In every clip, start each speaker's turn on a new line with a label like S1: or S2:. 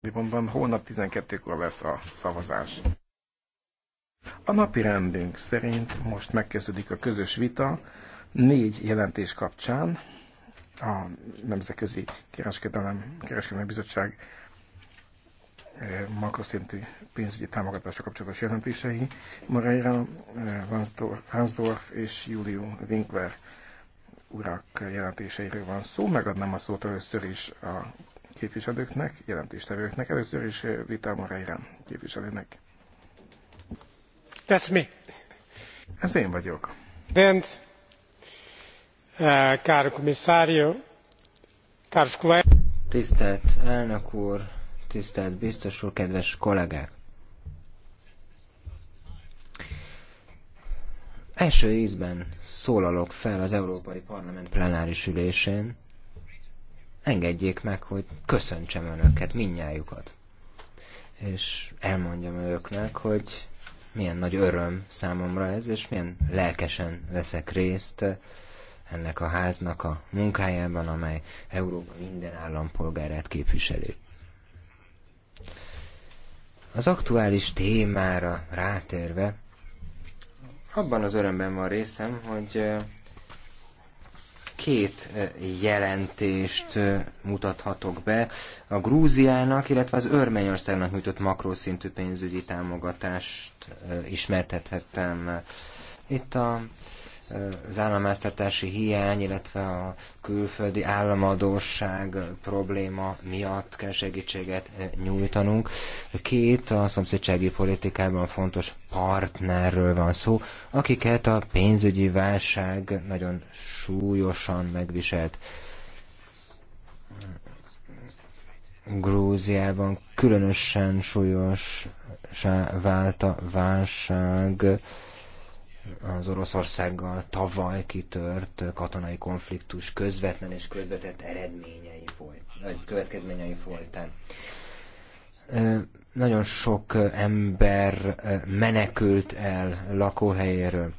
S1: Libonban holnap 12-kor lesz a szavazás. A napi rendünk szerint most megkezdődik a közös vita négy jelentés kapcsán. A Nemzetközi Kereskedelem, Kereskedelmi Bizottság eh, makroszintű pénzügyi támogatása kapcsolatos jelentései. Moreira, eh, Ransdorf és Julio Winkler urak jelentéseiről van szó. Megadnám a szót először is a képviselőknek, jelentéstevőknek. Először is Vita eh, Moreira képviselőnek. That's me. Ez én vagyok. Bent, eh, caro komisszárió, káros kollégák. Tisztelt elnök úr,
S2: tisztelt biztos úr, kedves kollégák! Első ízben szólalok fel az Európai Parlament plenáris ülésén, engedjék meg, hogy köszöntsem önöket, minnyájukat. És elmondjam önöknek, hogy milyen nagy öröm számomra ez, és milyen lelkesen veszek részt ennek a háznak a munkájában, amely Európa minden állampolgárát képviseli. Az aktuális témára rátérve, abban az örömben van részem, hogy két eh, jelentést eh, mutathatok be, a Grúziának, illetve az Örményországnak nyújtott makroszintű pénzügyi támogatást eh, ismertethettem. Itt a az államháztartási hiány, illetve a külföldi államadóság probléma miatt kell segítséget eh, nyújtanunk. Két a szomszédsági politikában fontos partnerről van szó, akiket a pénzügyi válság nagyon súlyosan megviselt. Grúziában különösen súlyos a válság az Oroszországgal tavaly kitört katonai konfliktus közvetlen és közvetett eredményei folyt, vagy következményei folytán. Nagyon sok ember menekült el lakóhelyéről.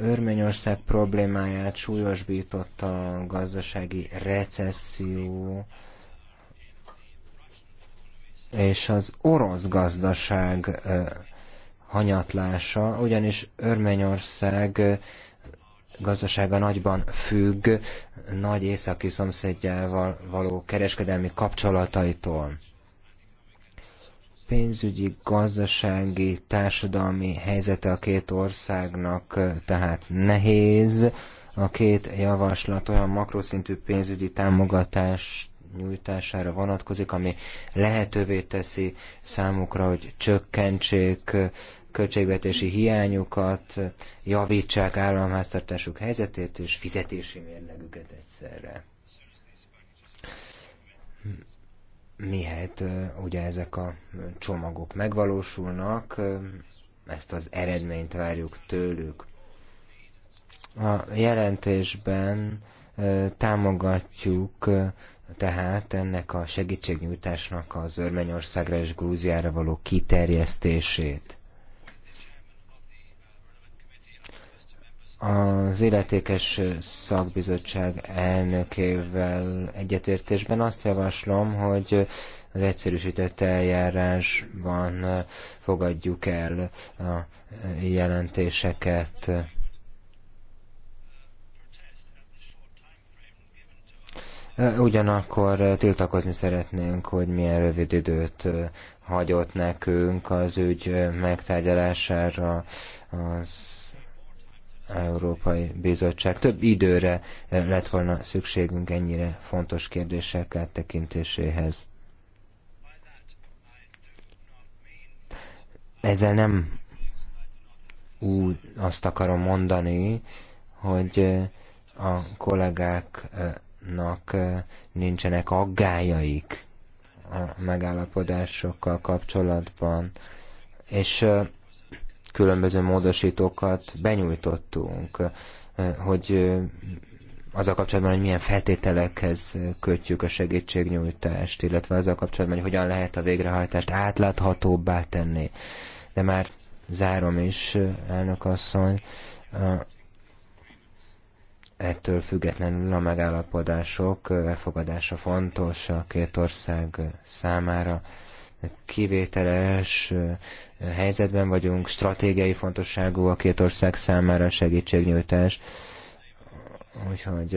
S2: Örményország problémáját súlyosbította a gazdasági recesszió, és az orosz gazdaság hanyatlása, ugyanis Örményország gazdasága nagyban függ nagy északi szomszédjával való kereskedelmi kapcsolataitól. Pénzügyi, gazdasági, társadalmi helyzete a két országnak tehát nehéz. A két javaslat olyan makroszintű pénzügyi támogatás nyújtására vonatkozik, ami lehetővé teszi számukra, hogy csökkentsék költségvetési hiányukat, javítsák államháztartásuk helyzetét és fizetési mérlegüket egyszerre. Mihelyt ugye ezek a csomagok megvalósulnak, ezt az eredményt várjuk tőlük. A jelentésben támogatjuk tehát ennek a segítségnyújtásnak az Örményországra és Grúziára való kiterjesztését. az illetékes szakbizottság elnökével egyetértésben azt javaslom, hogy az egyszerűsített eljárásban fogadjuk el a jelentéseket. Ugyanakkor tiltakozni szeretnénk, hogy milyen rövid időt hagyott nekünk az ügy megtárgyalására az Európai Bizottság. Több időre eh, lett volna szükségünk ennyire fontos kérdések áttekintéséhez. Ezzel nem úgy azt akarom mondani, hogy eh, a kollégáknak eh, nincsenek aggájaik a megállapodásokkal kapcsolatban. És különböző módosítókat benyújtottunk, eh, hogy eh, a kapcsolatban, hogy milyen feltételekhez eh, kötjük a segítségnyújtást, illetve a kapcsolatban, hogy hogyan lehet a végrehajtást átláthatóbbá tenni. De már zárom is, elnök asszony, ettől függetlenül a megállapodások elfogadása fontos a két ország számára kivételes helyzetben vagyunk, stratégiai fontosságú a két ország számára segítségnyújtás. Úgyhogy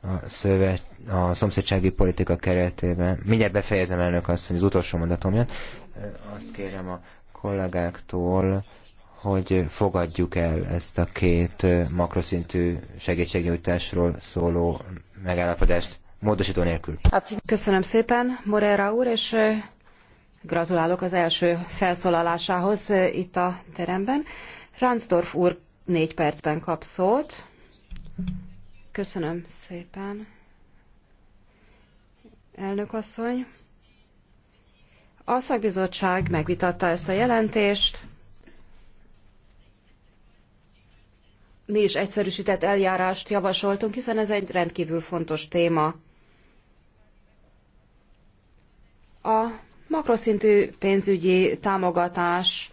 S2: a, szövet, a szomszédsági politika keretében, mindjárt befejezem elnök azt, hogy az utolsó mondatom jön, azt kérem a kollégáktól, hogy fogadjuk el ezt a két makroszintű segítségnyújtásról szóló megállapodást módosító nélkül.
S3: Köszönöm szépen, Morera úr, és Gratulálok az első felszólalásához eh, itt a teremben. Ransdorf úr négy percben kap szót. Köszönöm szépen. Elnök asszony. A szakbizottság megvitatta ezt a jelentést. Mi is egyszerűsített eljárást javasoltunk, hiszen ez egy rendkívül fontos téma. A Makroszintű pénzügyi támogatás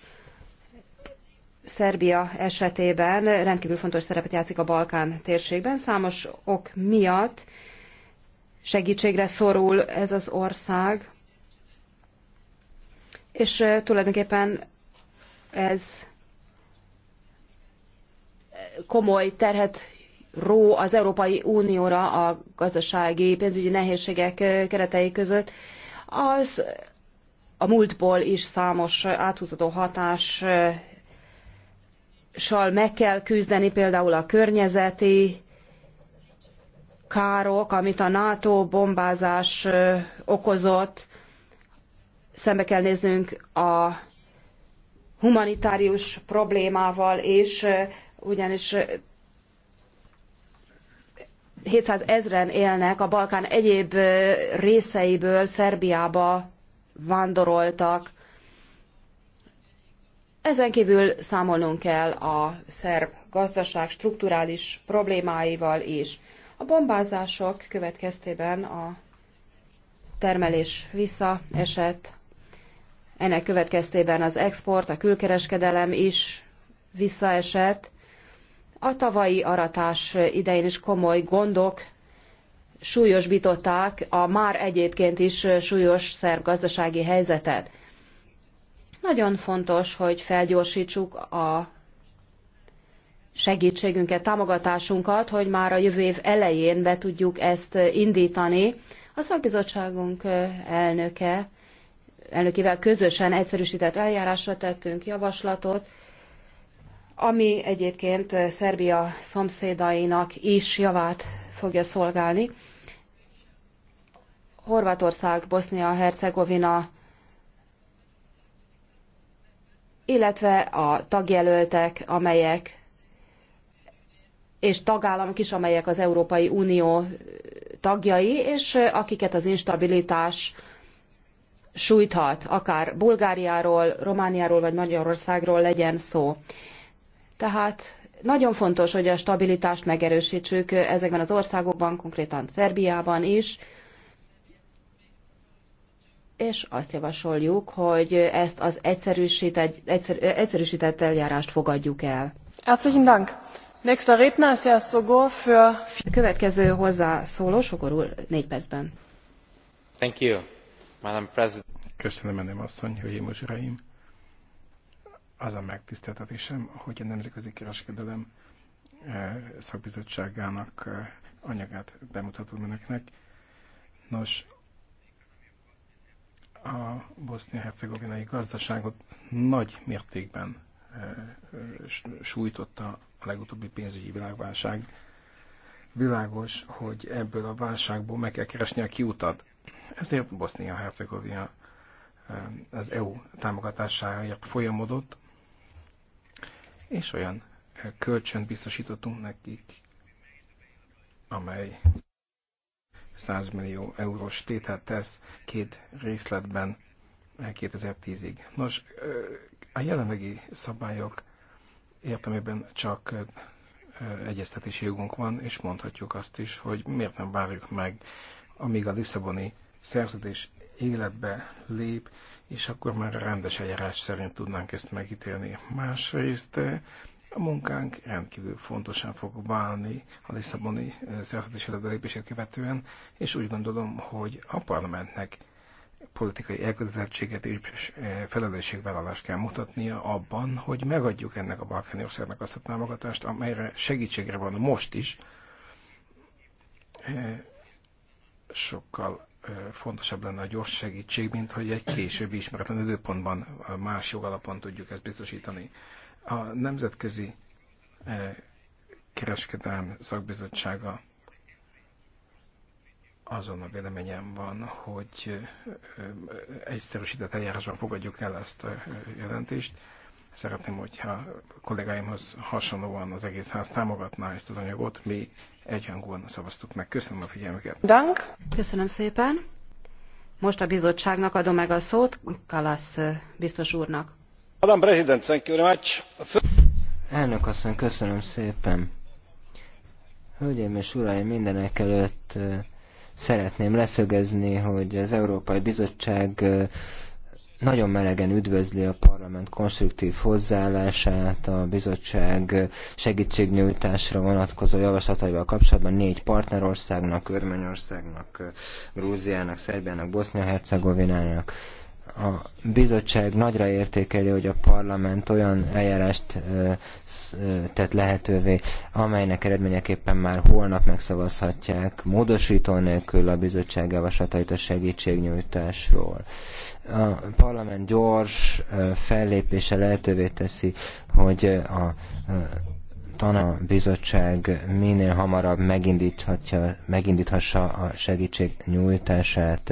S3: Szerbia esetében rendkívül fontos szerepet játszik a Balkán térségben. Számos ok miatt segítségre szorul ez az ország, és tulajdonképpen ez komoly terhet ró az Európai Unióra a gazdasági pénzügyi nehézségek keretei között. Az a múltból is számos áthúzódó hatással meg kell küzdeni, például a környezeti károk, amit a NATO bombázás okozott, szembe kell néznünk a humanitárius problémával, és ugyanis 700 ezren élnek a Balkán egyéb részeiből Szerbiába vándoroltak. Ezen kívül számolnunk kell a szerb gazdaság strukturális problémáival is. A bombázások következtében a termelés visszaesett, ennek következtében az export, a külkereskedelem is visszaesett. A tavalyi aratás idején is komoly gondok súlyosbították a már egyébként is súlyos szerb gazdasági helyzetet. Nagyon fontos, hogy felgyorsítsuk a segítségünket, támogatásunkat, hogy már a jövő év elején be tudjuk ezt indítani. A szakbizottságunk elnöke, elnökével közösen egyszerűsített eljárásra tettünk javaslatot, ami egyébként Szerbia szomszédainak is javát fogja szolgálni. Horvátország, Bosznia-Hercegovina, illetve a tagjelöltek, amelyek és tagállamok is, amelyek az Európai Unió tagjai, és akiket az instabilitás sújthat, akár Bulgáriáról, Romániáról vagy Magyarországról legyen szó. Tehát nagyon fontos, hogy a stabilitást megerősítsük ezekben az országokban, konkrétan Szerbiában is, és azt javasoljuk, hogy ezt az egyszerűsített, egyszer, egyszerűsített eljárást fogadjuk el. Herzlichen Dank! Nächster Redner ist Herr Sogor für... A következő hozzászóló Sogor úr négy percben.
S1: Thank you, Madam President. Köszönöm, Enem asszony, hölgyeim és uraim az a megtiszteltetésem, hogy a Nemzetközi Kereskedelem eh, szakbizottságának eh, anyagát bemutatom önöknek. Nos, a bosznia-hercegovinai gazdaságot nagy mértékben eh, sújtotta a legutóbbi pénzügyi világválság. Világos, hogy ebből a válságból meg kell keresni a kiutat. Ezért Bosznia-Hercegovina az EU támogatásáért folyamodott, és olyan kölcsön biztosítottunk nekik, amely 100 millió eurós tételt tesz két részletben 2010-ig. Nos, a jelenlegi szabályok értelmében csak egyeztetési jogunk van, és mondhatjuk azt is, hogy miért nem várjuk meg, amíg a Lisszaboni szerződés életbe lép, és akkor már a rendes eljárás szerint tudnánk ezt megítélni. Másrészt eh, a munkánk rendkívül fontosan fog válni a Lisszaboni eh, szerződés lépését követően, és úgy gondolom, hogy a parlamentnek politikai elkötelezettséget és eh, felelősségvállalást kell mutatnia abban, hogy megadjuk ennek a balkáni országnak azt a támogatást, amelyre segítségre van most is, sokkal fontosabb lenne a gyors segítség, mint hogy egy későbbi ismeretlen időpontban más jogalapon tudjuk ezt biztosítani. A Nemzetközi Kereskedelmi Szakbizottsága azon a véleményem van, hogy egyszerűsített eljárásban fogadjuk el ezt a jelentést. Szeretném, hogyha kollégáimhoz hasonlóan az egész ház támogatná ezt az anyagot. Mi egyhangúan szavaztuk meg. Köszönöm a figyelmüket.
S3: Dank. Köszönöm szépen. Most a bizottságnak adom meg a szót, Kalasz biztos úrnak.
S1: Adam President, thank you very much. Elnök asszony,
S2: köszönöm szépen. Hölgyeim és uraim, mindenek előtt szeretném leszögezni, hogy az Európai Bizottság nagyon melegen üdvözli a parlament konstruktív hozzáállását, a bizottság segítségnyújtásra vonatkozó javaslataival kapcsolatban négy partnerországnak, Örményországnak, Grúziának, Szerbiának, Bosznia-Hercegovinának, a bizottság nagyra értékeli, hogy a parlament olyan eljárást tett lehetővé, amelynek eredményeképpen már holnap megszavazhatják módosító nélkül a bizottság javaslatait a segítségnyújtásról. A parlament gyors fellépése lehetővé teszi, hogy a Tana bizottság minél hamarabb megindíthatja, megindíthassa a segítség nyújtását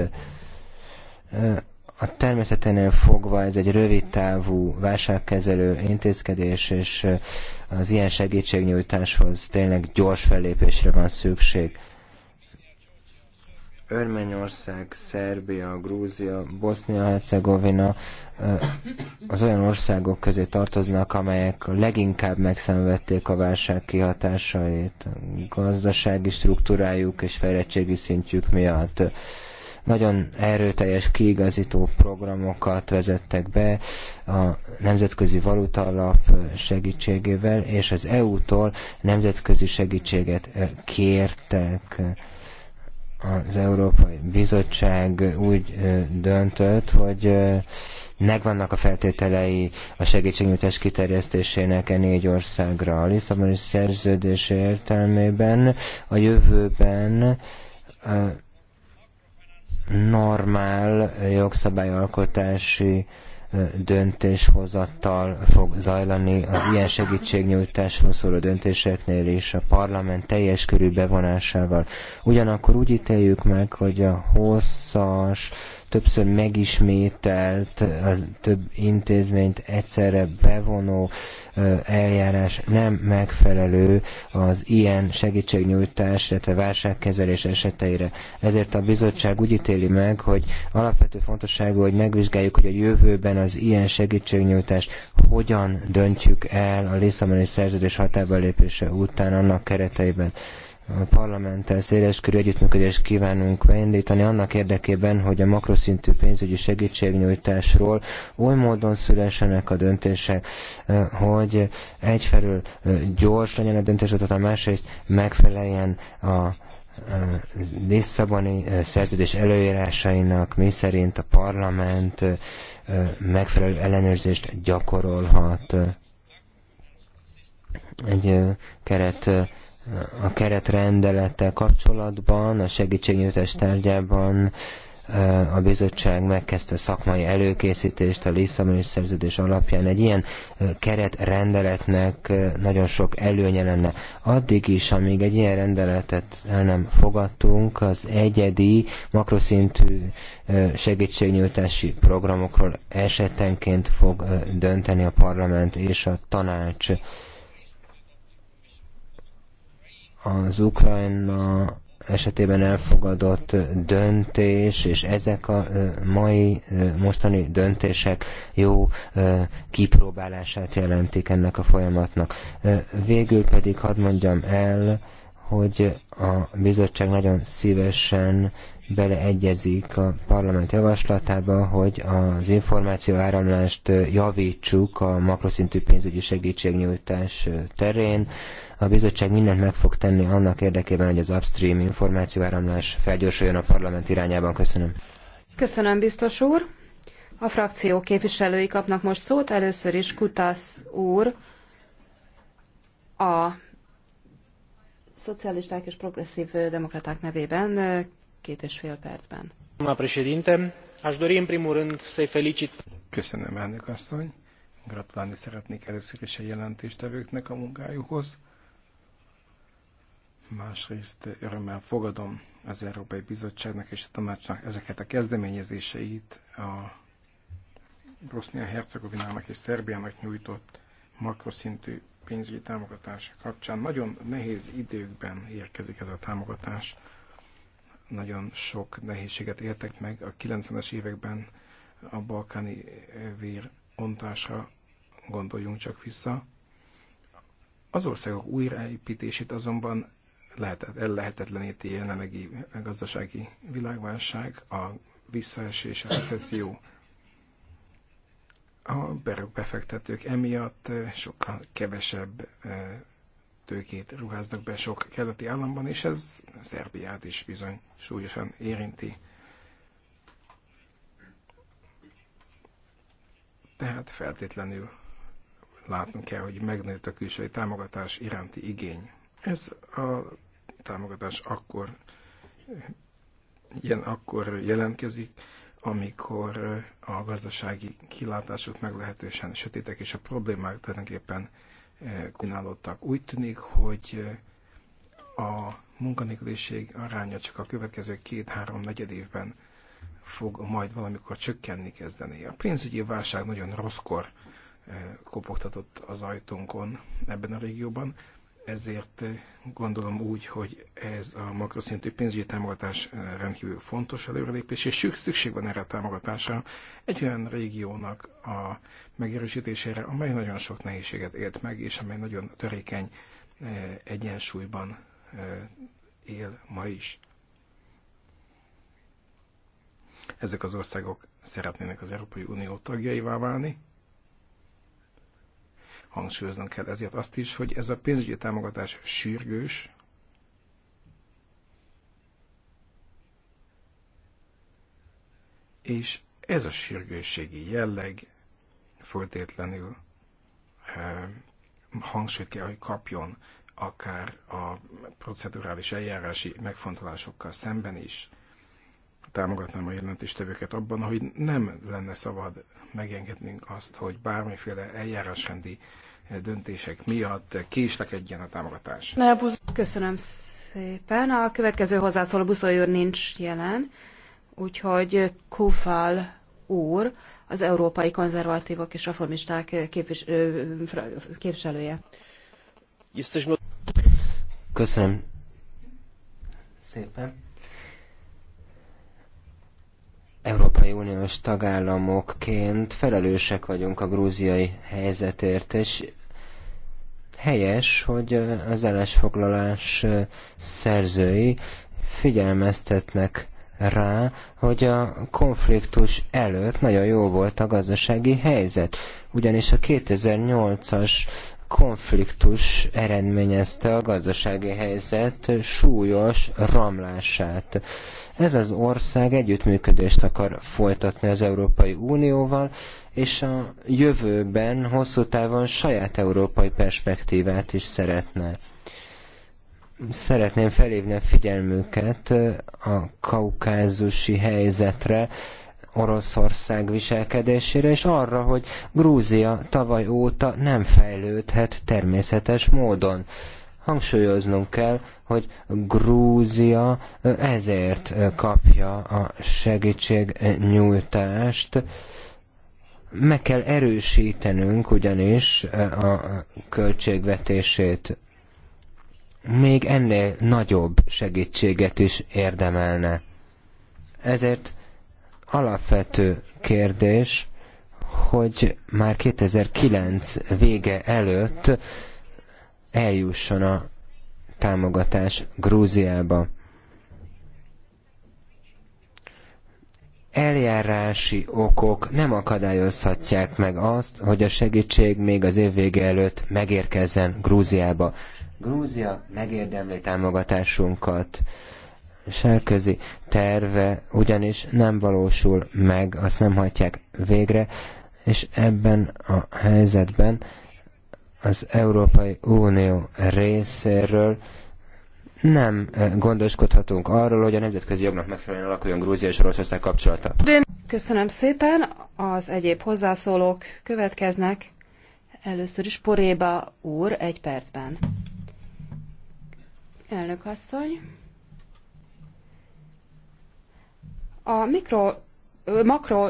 S2: a természeténél fogva ez egy rövidtávú válságkezelő intézkedés, és az ilyen segítségnyújtáshoz tényleg gyors fellépésre van szükség. Örményország, Szerbia, Grúzia, Bosznia-Hercegovina az olyan országok közé tartoznak, amelyek leginkább megszenvedték a válság kihatásait gazdasági struktúrájuk és fejlettségi szintjük miatt nagyon erőteljes kiigazító programokat vezettek be a Nemzetközi Valutalap segítségével, és az EU-tól nemzetközi segítséget kértek az Európai Bizottság úgy döntött, hogy megvannak a feltételei a segítségnyújtás kiterjesztésének e négy országra. A Lisszaboni szerződés értelmében a jövőben normál jogszabályalkotási döntéshozattal fog zajlani az ilyen segítségnyújtásról szóló döntéseknél és a parlament teljes körű bevonásával. Ugyanakkor úgy ítéljük meg, hogy a hosszas, többször megismételt, az több intézményt egyszerre bevonó eljárás nem megfelelő az ilyen segítségnyújtás, illetve válságkezelés eseteire. Ezért a bizottság úgy ítéli meg, hogy alapvető fontosságú, hogy megvizsgáljuk, hogy a jövőben az ilyen segítségnyújtást hogyan döntjük el a Lisszaboni szerződés hatába lépése után annak kereteiben a parlamenttel széleskörű együttműködést kívánunk beindítani annak érdekében, hogy a makroszintű pénzügyi segítségnyújtásról oly módon szülessenek a döntések, hogy egyfelől gyors legyen a döntéshozatal, másrészt megfeleljen a Lisszaboni szerződés előírásainak, mi szerint a parlament megfelelő ellenőrzést gyakorolhat egy keret a keretrendelettel kapcsolatban, a segítségnyújtás tárgyában a bizottság megkezdte szakmai előkészítést a Lisszaboni szerződés alapján. Egy ilyen keretrendeletnek nagyon sok előnye lenne. Addig is, amíg egy ilyen rendeletet el nem fogadtunk, az egyedi makroszintű segítségnyújtási programokról esetenként fog dönteni a parlament és a tanács az Ukrajna esetében elfogadott döntés, és ezek a mai, mostani döntések jó kipróbálását jelentik ennek a folyamatnak. Végül pedig hadd mondjam el, hogy a bizottság nagyon szívesen beleegyezik a parlament javaslatába, hogy az információ áramlást javítsuk a makroszintű pénzügyi segítségnyújtás terén. A bizottság mindent meg fog tenni annak érdekében, hogy az upstream információ áramlás felgyorsuljon a parlament irányában. Köszönöm.
S3: Köszönöm, biztos úr. A frakció képviselői kapnak most szót. Először is kutasz úr, a szocialisták és progresszív demokraták nevében két és fél percben.
S1: Aș dori în primul rând să-i felicit. Köszönöm, elnök asszony. Gratulálni szeretnék először is a jelentéstevőknek a munkájukhoz. Másrészt örömmel fogadom az Európai Bizottságnak és a Tanácsnak ezeket a kezdeményezéseit a Bosznia-Hercegovinának és Szerbiának nyújtott makroszintű pénzügyi támogatás kapcsán. Nagyon nehéz időkben érkezik ez a támogatás nagyon sok nehézséget éltek meg a 90-es években a balkáni vér ontásra, gondoljunk csak vissza. Az országok újraépítését azonban lehetett el lehetetleníti jelenlegi gazdasági világválság, a visszaesés, a recesszió. A befektetők emiatt sokkal kevesebb eh, tőkét ruháznak be sok keleti államban, és ez Szerbiát is bizony súlyosan érinti. Tehát feltétlenül látnunk kell, hogy megnőtt a külső támogatás iránti igény. Ez a támogatás akkor ilyen akkor jelentkezik, amikor a gazdasági kilátások meglehetősen sötétek, és a problémák tulajdonképpen koordinálódtak. Úgy tűnik, hogy a munkanélküliség aránya csak a következő két-három negyed évben fog majd valamikor csökkenni kezdeni. A pénzügyi válság nagyon rosszkor eh, kopogtatott az ajtónkon ebben a régióban, ezért gondolom úgy, hogy ez a makroszintű pénzügyi támogatás eh, rendkívül fontos előrelépés, és szükség van erre a támogatásra egy olyan régiónak a megerősítésére, amely nagyon sok nehézséget élt meg, és amely nagyon törékeny eh, egyensúlyban eh, él ma is. Ezek az országok szeretnének az Európai Unió tagjaivá válni, hangsúlyoznom kell ezért azt is, hogy ez a pénzügyi támogatás sürgős, és ez a sürgősségi jelleg föltétlenül eh, hangsúlyt kell, hogy kapjon akár a procedurális eljárási megfontolásokkal szemben is támogatnám a jelentéstevőket abban, hogy nem lenne szabad megengednünk azt, hogy bármiféle eljárásrendi eh, döntések miatt késlekedjen a támogatás.
S3: Köszönöm szépen. A következő hozzászóló Buszoly úr nincs jelen, úgyhogy Kufal úr, az Európai Konzervatívok és Reformisták képvis, képviselője.
S2: Köszönöm szépen. Európai Uniós tagállamokként felelősek vagyunk a grúziai helyzetért, és helyes, hogy az állásfoglalás szerzői figyelmeztetnek rá, hogy a konfliktus előtt nagyon jó volt a gazdasági helyzet. Ugyanis a 2008-as konfliktus eredményezte a gazdasági helyzet súlyos ramlását. Ez az ország együttműködést akar folytatni az Európai Unióval, és a jövőben hosszú távon saját európai perspektívát is szeretne. Szeretném felhívni a figyelmüket a kaukázusi helyzetre, Oroszország viselkedésére, és arra, hogy Grúzia tavaly óta nem fejlődhet természetes módon. Hangsúlyoznunk kell, hogy Grúzia ezért kapja a segítségnyújtást, meg kell erősítenünk ugyanis a költségvetését. Még ennél nagyobb segítséget is érdemelne. Ezért alapvető kérdés, hogy már 2009 vége előtt eljusson a támogatás Grúziába. Eljárási okok nem akadályozhatják meg azt, hogy a segítség még az év vége előtt megérkezzen Grúziába. Grúzia megérdemli támogatásunkat sárközi terve ugyanis nem valósul meg, azt nem hagyják végre, és ebben a helyzetben az Európai Unió részéről nem eh, gondoskodhatunk arról, hogy a nemzetközi jognak megfelelően alakuljon Grúzia és Oroszország kapcsolata.
S3: Köszönöm szépen. Az egyéb hozzászólók következnek. Először is Poréba úr egy percben. Elnök asszony. A mikro, makro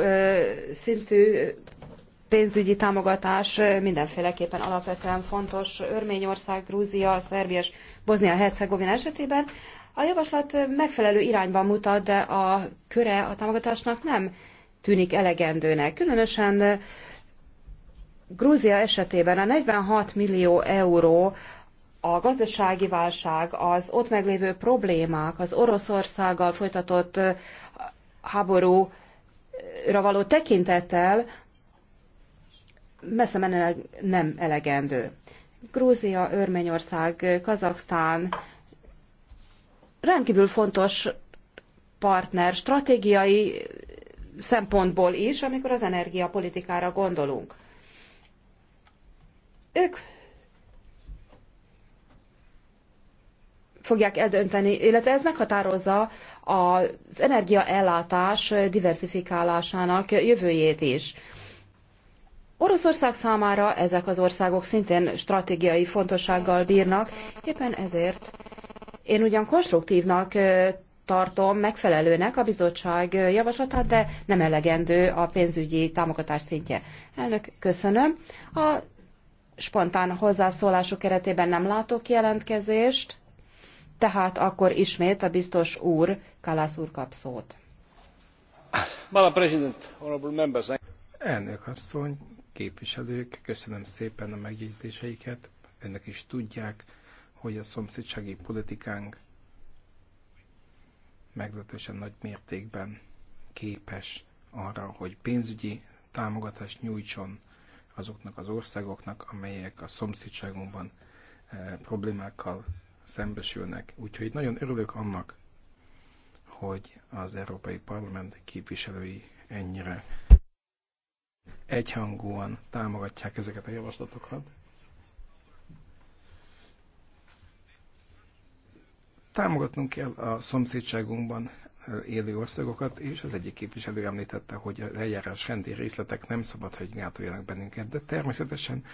S3: szintű pénzügyi támogatás mindenféleképpen alapvetően fontos Örményország, Grúzia, Szerbia és Bosznia-Hercegovina esetében. A javaslat megfelelő irányban mutat, de a köre a támogatásnak nem tűnik elegendőnek. Különösen Grúzia esetében a 46 millió euró a gazdasági válság, az ott meglévő problémák, az Oroszországgal folytatott háborúra való tekintettel messze menőleg nem elegendő. Grúzia, Örményország, Kazaksztán rendkívül fontos partner stratégiai szempontból is, amikor az energiapolitikára gondolunk. Ők fogják eldönteni, illetve ez meghatározza az energiaellátás diversifikálásának jövőjét is. Oroszország számára ezek az országok szintén stratégiai fontossággal bírnak, éppen ezért én ugyan konstruktívnak tartom megfelelőnek a bizottság javaslatát, de nem elegendő a pénzügyi támogatás szintje. Elnök, köszönöm. A spontán hozzászólások keretében nem látok jelentkezést tehát akkor ismét a biztos úr, Kalász úr kap szót.
S1: President, members. Elnök asszony, képviselők, köszönöm szépen a megjegyzéseiket. Önök is tudják, hogy a szomszédsági politikánk meglehetősen nagy mértékben képes arra, hogy pénzügyi támogatást nyújtson azoknak az országoknak, amelyek a szomszédságunkban eh, problémákkal szembesülnek. Úgyhogy nagyon örülök annak, hogy az Európai Parlament képviselői ennyire egyhangúan támogatják ezeket a javaslatokat. Támogatnunk kell a szomszédságunkban élő országokat, és az egyik képviselő említette, hogy az eljárás rendi részletek nem szabad, hogy gátoljanak bennünket, de természetesen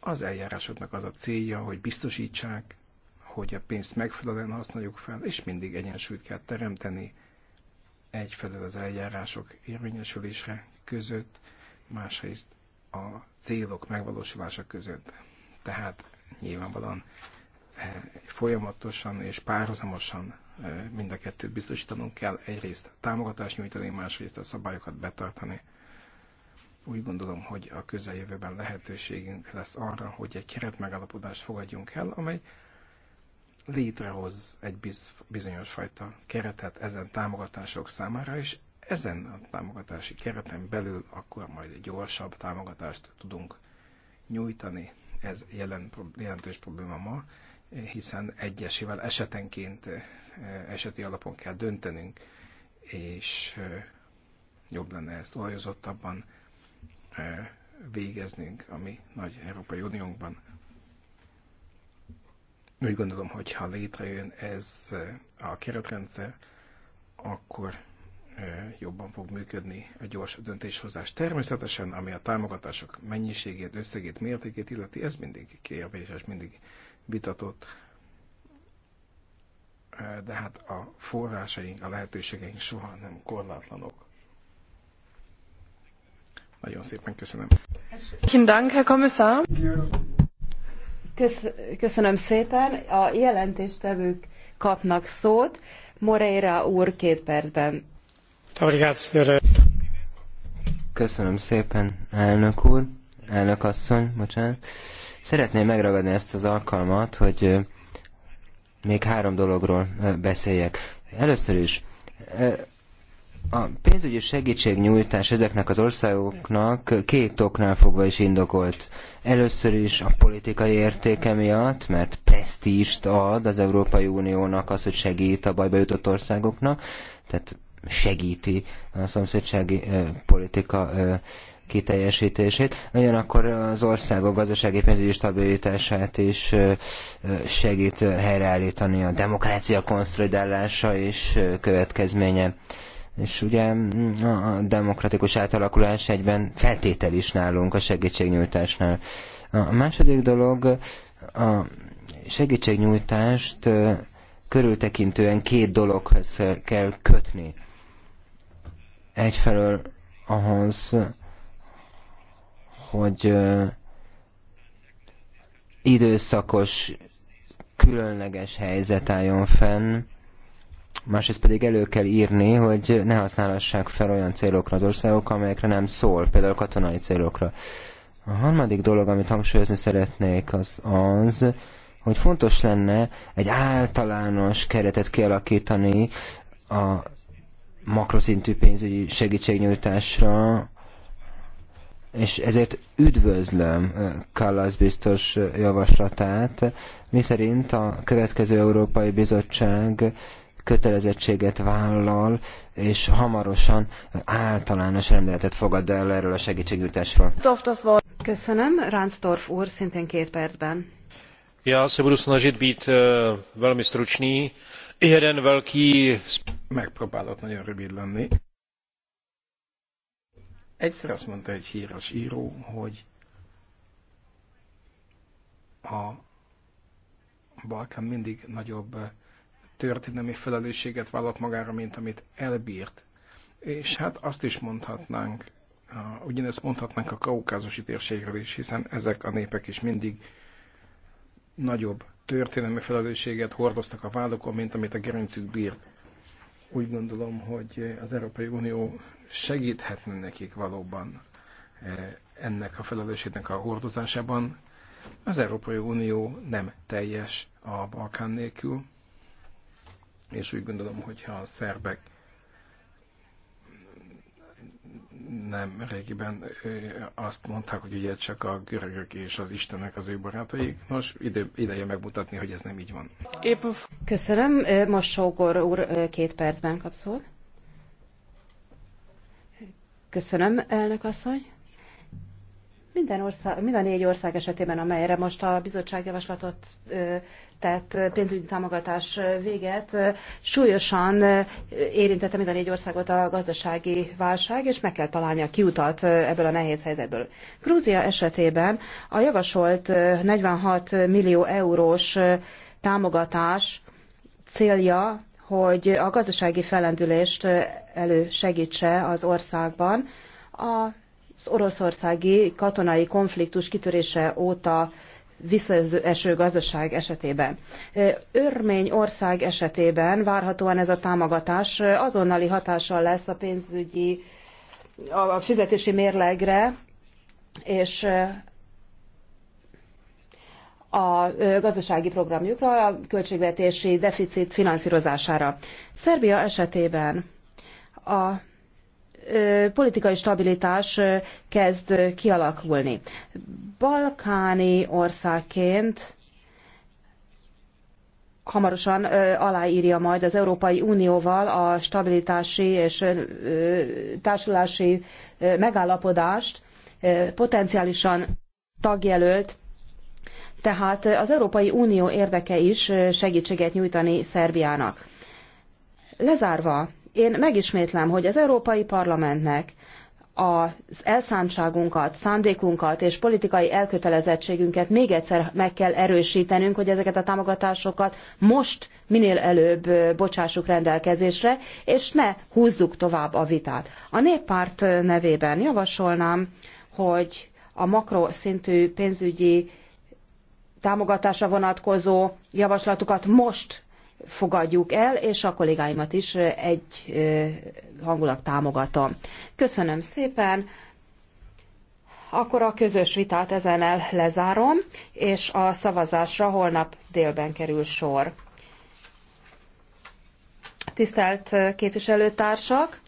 S1: az eljárásoknak az a célja, hogy biztosítsák, hogy a pénzt megfelelően használjuk fel, és mindig egyensúlyt kell teremteni egyfelől az eljárások érvényesülése között, másrészt a célok megvalósulása között. Tehát nyilvánvalóan eh, folyamatosan és párhuzamosan eh, mind a kettőt biztosítanunk kell, egyrészt támogatást nyújtani, másrészt a szabályokat betartani. Úgy gondolom, hogy a közeljövőben lehetőségünk lesz arra, hogy egy keretmegállapodást fogadjunk el, amely létrehoz egy bizonyos fajta keretet ezen támogatások számára, és ezen a támogatási kereten belül akkor majd egy gyorsabb támogatást tudunk nyújtani. Ez jelen, jelentős probléma ma, hiszen egyesével esetenként, eh, eseti alapon kell döntenünk, és eh, jobb lenne ezt olajozottabban eh, végeznünk, ami nagy Európai Uniónkban úgy gondolom, hogy ha létrejön ez eh, a keretrendszer, akkor eh, jobban fog működni a gyors döntéshozás. Természetesen, ami a támogatások mennyiségét, összegét, mértékét illeti, ez mindig kérdéses, mindig vitatott, eh, de hát a forrásaink, a lehetőségeink soha nem korlátlanok. Nagyon szépen köszönöm. Köszönöm,
S2: Herr Kommissar.
S3: Köszönöm szépen. A jelentéstevők kapnak szót. Moreira úr két percben.
S2: Köszönöm szépen, elnök úr, elnök asszony, bocsánat. Szeretném megragadni ezt az alkalmat, hogy még három dologról beszéljek. Először is a pénzügyi segítségnyújtás ezeknek az országoknak két oknál fogva is indokolt. Először is a politikai értéke miatt, mert presztíst ad az Európai Uniónak az, hogy segít a bajba jutott országoknak, tehát segíti a szomszédsági eh, politika eh, kiteljesítését, ugyanakkor az országok gazdasági pénzügyi stabilitását is segít helyreállítani, a demokrácia konszolidálása is következménye és ugye mm, a demokratikus átalakulás egyben feltétel is nálunk a segítségnyújtásnál. A második dolog a segítségnyújtást körültekintően két dologhoz kell kötni. Egyfelől ahhoz, hogy időszakos, különleges helyzet álljon fenn, Másrészt pedig elő kell írni, hogy ne használhassák fel olyan célokra az országok, amelyekre nem szól, például katonai célokra. A harmadik dolog, amit hangsúlyozni szeretnék, az az, hogy fontos lenne egy általános keretet kialakítani a makroszintű pénzügyi segítségnyújtásra, és ezért üdvözlöm Kallas biztos javaslatát, miszerint a következő Európai Bizottság kötelezettséget vállal, és hamarosan általános rendeletet fogad el erről a segítségnyújtásról.
S3: Köszönöm. Ránsdorf úr, szintén két percben.
S2: Já
S1: se budu snažit být uh, velmi stručný. Jeden velký... Megpróbálok nagyon rövid lenni. Egyszer azt mondta egy híres író, hogy a Balkán mindig nagyobb eh, történelmi felelősséget vállalt magára, mint amit elbírt. És hát azt is mondhatnánk, ugyanezt mondhatnánk a kaukázusi térségről is, hiszen ezek a népek is mindig nagyobb történelmi felelősséget hordoztak a vállukon, mint amit a gerincük bírt. Úgy gondolom, hogy az Európai Unió segíthetne nekik valóban e, ennek a felelősségnek a hordozásában. Az Európai Unió nem teljes a Balkán nélkül, és úgy gondolom, hogyha a szerbek nem régiben azt mondták, hogy ugye csak a görögök és az istenek az ő barátaik. Nos, idő, ideje megmutatni, hogy ez nem így van.
S3: Köszönöm. Most Sógor úr két percben kap szót. Köszönöm, elnök asszony. Minden, ország, minden négy ország esetében, amelyre most a bizottság javaslatot tett pénzügyi támogatás véget súlyosan érintette mind a négy országot a gazdasági válság, és meg kell találni a kiutat ebből a nehéz helyzetből. Grúzia esetében a javasolt 46 millió eurós támogatás célja, hogy a gazdasági fellendülést elősegítse az országban. Az oroszországi katonai konfliktus kitörése óta visszaeső gazdaság esetében. Örmény ország esetében várhatóan ez a támogatás azonnali hatással lesz a pénzügyi, a fizetési mérlegre, és a gazdasági programjukra, a költségvetési deficit finanszírozására. Szerbia esetében a politikai stabilitás kezd kialakulni. Balkáni országként hamarosan aláírja majd az Európai Unióval a stabilitási és társulási megállapodást potenciálisan tagjelölt, tehát az Európai Unió érdeke is segítséget nyújtani Szerbiának. Lezárva, én megismétlem, hogy az Európai Parlamentnek az elszántságunkat, szándékunkat és politikai elkötelezettségünket még egyszer meg kell erősítenünk, hogy ezeket a támogatásokat most minél előbb bocsássuk rendelkezésre, és ne húzzuk tovább a vitát. A néppárt nevében javasolnám, hogy a makroszintű pénzügyi támogatásra vonatkozó javaslatukat most fogadjuk el, és a kollégáimat is egy hangulat támogatom. Köszönöm szépen! Akkor a közös vitát ezen el lezárom, és a szavazásra holnap délben kerül sor. Tisztelt képviselőtársak!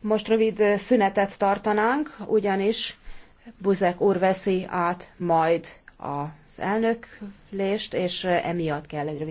S3: Most rövid szünetet tartanánk, ugyanis Buzek úr veszi át majd az elnöklést, és emiatt kell egy rövid